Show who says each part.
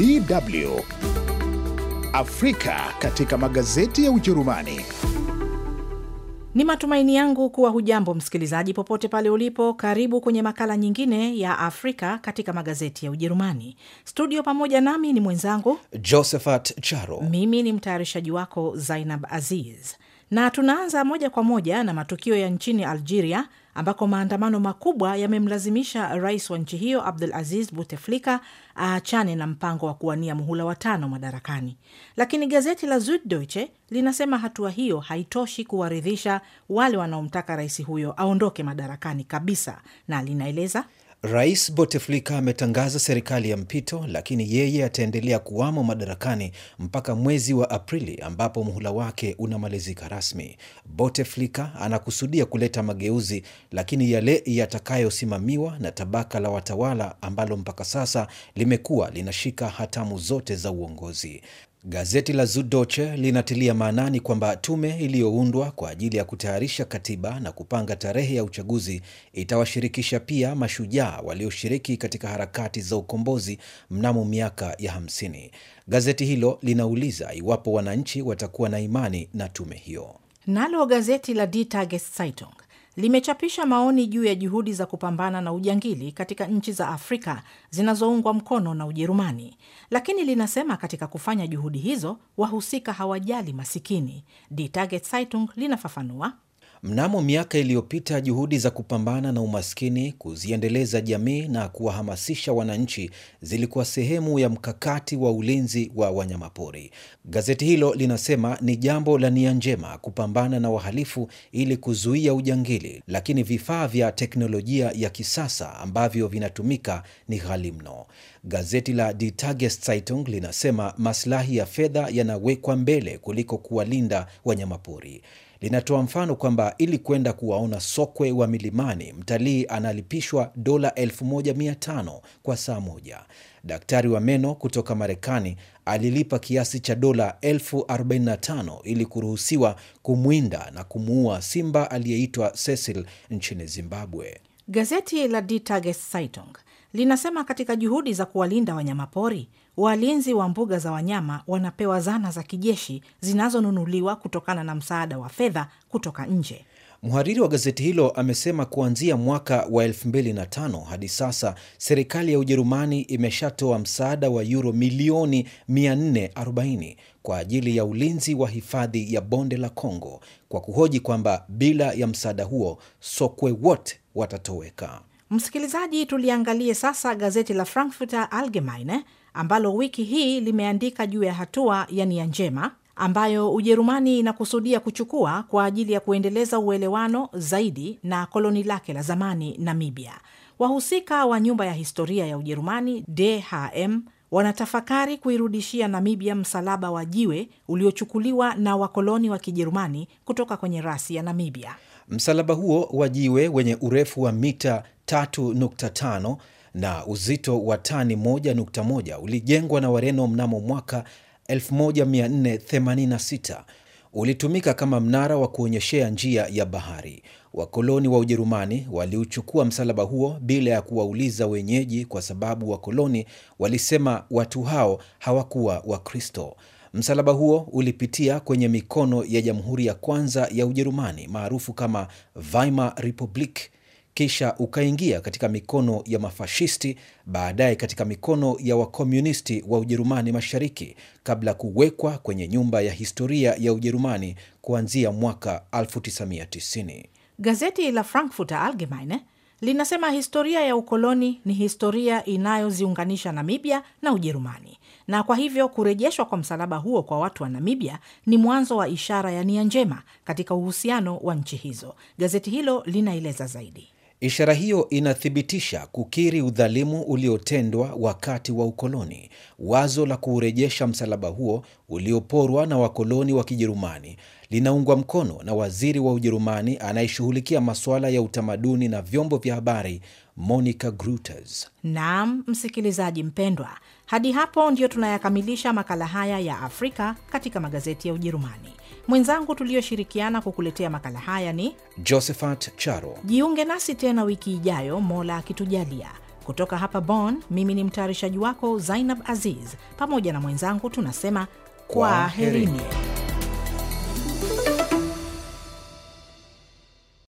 Speaker 1: DW Afrika katika magazeti ya Ujerumani.
Speaker 2: Ni matumaini yangu kuwa hujambo msikilizaji, popote pale ulipo. Karibu kwenye makala nyingine ya Afrika katika magazeti ya Ujerumani. Studio pamoja nami ni mwenzangu
Speaker 1: Josephat Charo,
Speaker 2: mimi ni mtayarishaji wako Zainab Aziz. Na tunaanza moja kwa moja na matukio ya nchini Algeria ambako maandamano makubwa yamemlazimisha rais wa nchi hiyo Abdul Aziz buteflika aachane na mpango wa kuwania muhula watano madarakani, lakini gazeti la Süddeutsche linasema hatua hiyo haitoshi kuwaridhisha wale wanaomtaka rais huyo aondoke madarakani kabisa, na linaeleza
Speaker 1: Rais Bouteflika ametangaza serikali ya mpito, lakini yeye ataendelea kuwamo madarakani mpaka mwezi wa Aprili ambapo muhula wake unamalizika rasmi. Bouteflika anakusudia kuleta mageuzi, lakini yale yatakayosimamiwa na tabaka la watawala ambalo mpaka sasa limekuwa linashika hatamu zote za uongozi. Gazeti la Zudoche linatilia maanani kwamba tume iliyoundwa kwa ajili ya kutayarisha katiba na kupanga tarehe ya uchaguzi itawashirikisha pia mashujaa walioshiriki katika harakati za ukombozi mnamo miaka ya hamsini. Gazeti hilo linauliza iwapo wananchi watakuwa na imani na tume hiyo.
Speaker 2: Nalo gazeti la Die Tageszeitung limechapisha maoni juu ya juhudi za kupambana na ujangili katika nchi za Afrika zinazoungwa mkono na Ujerumani, lakini linasema katika kufanya juhudi hizo wahusika hawajali masikini. Die linafafanua.
Speaker 1: Mnamo miaka iliyopita, juhudi za kupambana na umaskini, kuziendeleza jamii na kuwahamasisha wananchi zilikuwa sehemu ya mkakati wa ulinzi wa wanyamapori. Gazeti hilo linasema ni jambo la nia njema kupambana na wahalifu ili kuzuia ujangili, lakini vifaa vya teknolojia ya kisasa ambavyo vinatumika ni ghali mno. Gazeti la Die Tageszeitung linasema maslahi ya fedha yanawekwa mbele kuliko kuwalinda wanyamapori linatoa mfano kwamba ili kwenda kuwaona sokwe wa milimani mtalii analipishwa dola 1500 kwa saa moja. Daktari wa meno kutoka Marekani alilipa kiasi cha dola 1045 ili kuruhusiwa kumwinda na kumuua simba aliyeitwa Cecil nchini Zimbabwe.
Speaker 2: Gazeti la Die Tageszeitung linasema katika juhudi za kuwalinda wanyamapori, walinzi wa mbuga za wanyama wanapewa zana za kijeshi zinazonunuliwa kutokana na msaada wa fedha kutoka nje.
Speaker 1: Mhariri wa gazeti hilo amesema kuanzia mwaka wa 25 hadi sasa serikali ya Ujerumani imeshatoa msaada wa yuro milioni 440 kwa ajili ya ulinzi wa hifadhi ya bonde la congo kwa kuhoji kwamba bila ya msaada huo sokwe wote watatoweka.
Speaker 2: Msikilizaji, tuliangalie sasa gazeti la Frankfurter algemeine ambalo wiki hii limeandika juu ya hatua ya nia njema ambayo Ujerumani inakusudia kuchukua kwa ajili ya kuendeleza uelewano zaidi na koloni lake la zamani Namibia. Wahusika wa nyumba ya historia ya Ujerumani DHM wanatafakari kuirudishia Namibia msalaba wa jiwe uliochukuliwa na wakoloni wa Kijerumani kutoka kwenye rasi ya Namibia.
Speaker 1: Msalaba huo wa jiwe wenye urefu wa mita 3.5 na uzito wa tani 1.1 ulijengwa na Wareno mnamo mwaka 1486. Ulitumika kama mnara wa kuonyeshea njia ya bahari. Wakoloni wa Ujerumani waliuchukua msalaba huo bila ya kuwauliza wenyeji, kwa sababu wakoloni walisema watu hao hawakuwa Wakristo. Msalaba huo ulipitia kwenye mikono ya jamhuri ya kwanza ya Ujerumani maarufu kama Weimar Republic kisha ukaingia katika mikono ya mafashisti, baadaye katika mikono ya wakomunisti wa Ujerumani Mashariki kabla kuwekwa kwenye nyumba ya historia ya Ujerumani kuanzia mwaka 1990.
Speaker 2: Gazeti la Frankfurter Allgemeine linasema historia ya ukoloni ni historia inayoziunganisha Namibia na Ujerumani, na kwa hivyo kurejeshwa kwa msalaba huo kwa watu wa Namibia ni mwanzo wa ishara ya nia njema katika uhusiano wa nchi hizo. Gazeti hilo linaeleza zaidi.
Speaker 1: Ishara hiyo inathibitisha kukiri udhalimu uliotendwa wakati wa ukoloni. Wazo la kuurejesha msalaba huo ulioporwa na wakoloni wa Kijerumani linaungwa mkono na waziri wa Ujerumani anayeshughulikia masuala ya utamaduni na vyombo vya habari Monica Gruters.
Speaker 2: Naam, msikilizaji mpendwa, hadi hapo ndiyo tunayakamilisha makala haya ya Afrika katika magazeti ya Ujerumani. Mwenzangu tulioshirikiana kukuletea makala haya ni
Speaker 1: Josephat Charo.
Speaker 2: Jiunge nasi tena wiki ijayo, Mola akitujalia. Kutoka hapa bon mimi ni mtayarishaji wako Zainab Aziz, pamoja na mwenzangu tunasema kwa, kwa herini.